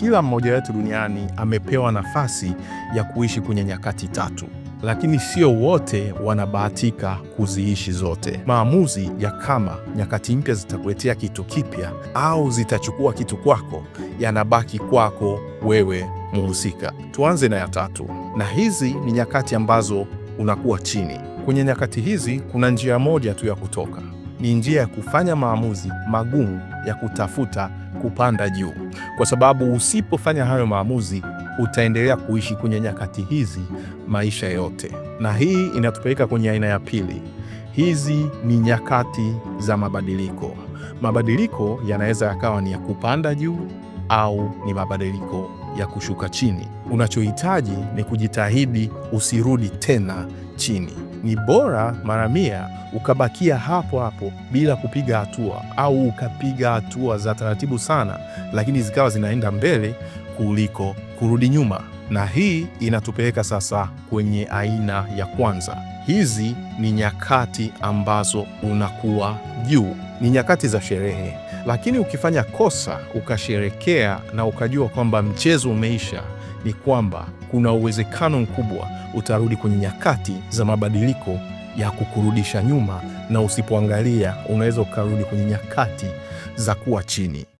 kila mmoja wetu duniani amepewa nafasi ya kuishi kwenye nyakati tatu, lakini sio wote wanabahatika kuziishi zote. Maamuzi ya kama nyakati mpya zitakuletea kitu kipya au zitachukua kitu kwako yanabaki kwako wewe muhusika. Tuanze na ya tatu, na hizi ni nyakati ambazo unakuwa chini. Kwenye nyakati hizi kuna njia moja tu ya kutoka, ni njia ya kufanya maamuzi magumu ya kutafuta kupanda juu kwa sababu usipofanya hayo maamuzi utaendelea kuishi kwenye nyakati hizi maisha yote. Na hii inatupeleka kwenye aina ya pili. Hizi ni nyakati za mabadiliko. Mabadiliko yanaweza yakawa ni ya kupanda juu au ni mabadiliko ya kushuka chini. Unachohitaji ni kujitahidi usirudi tena chini ni bora mara mia ukabakia hapo hapo bila kupiga hatua, au ukapiga hatua za taratibu sana, lakini zikawa zinaenda mbele kuliko kurudi nyuma. Na hii inatupeleka sasa kwenye aina ya kwanza. Hizi ni nyakati ambazo unakuwa juu ni nyakati za sherehe, lakini ukifanya kosa ukasherekea na ukajua kwamba mchezo umeisha, ni kwamba kuna uwezekano mkubwa utarudi kwenye nyakati za mabadiliko ya kukurudisha nyuma, na usipoangalia unaweza ukarudi kwenye nyakati za kuwa chini.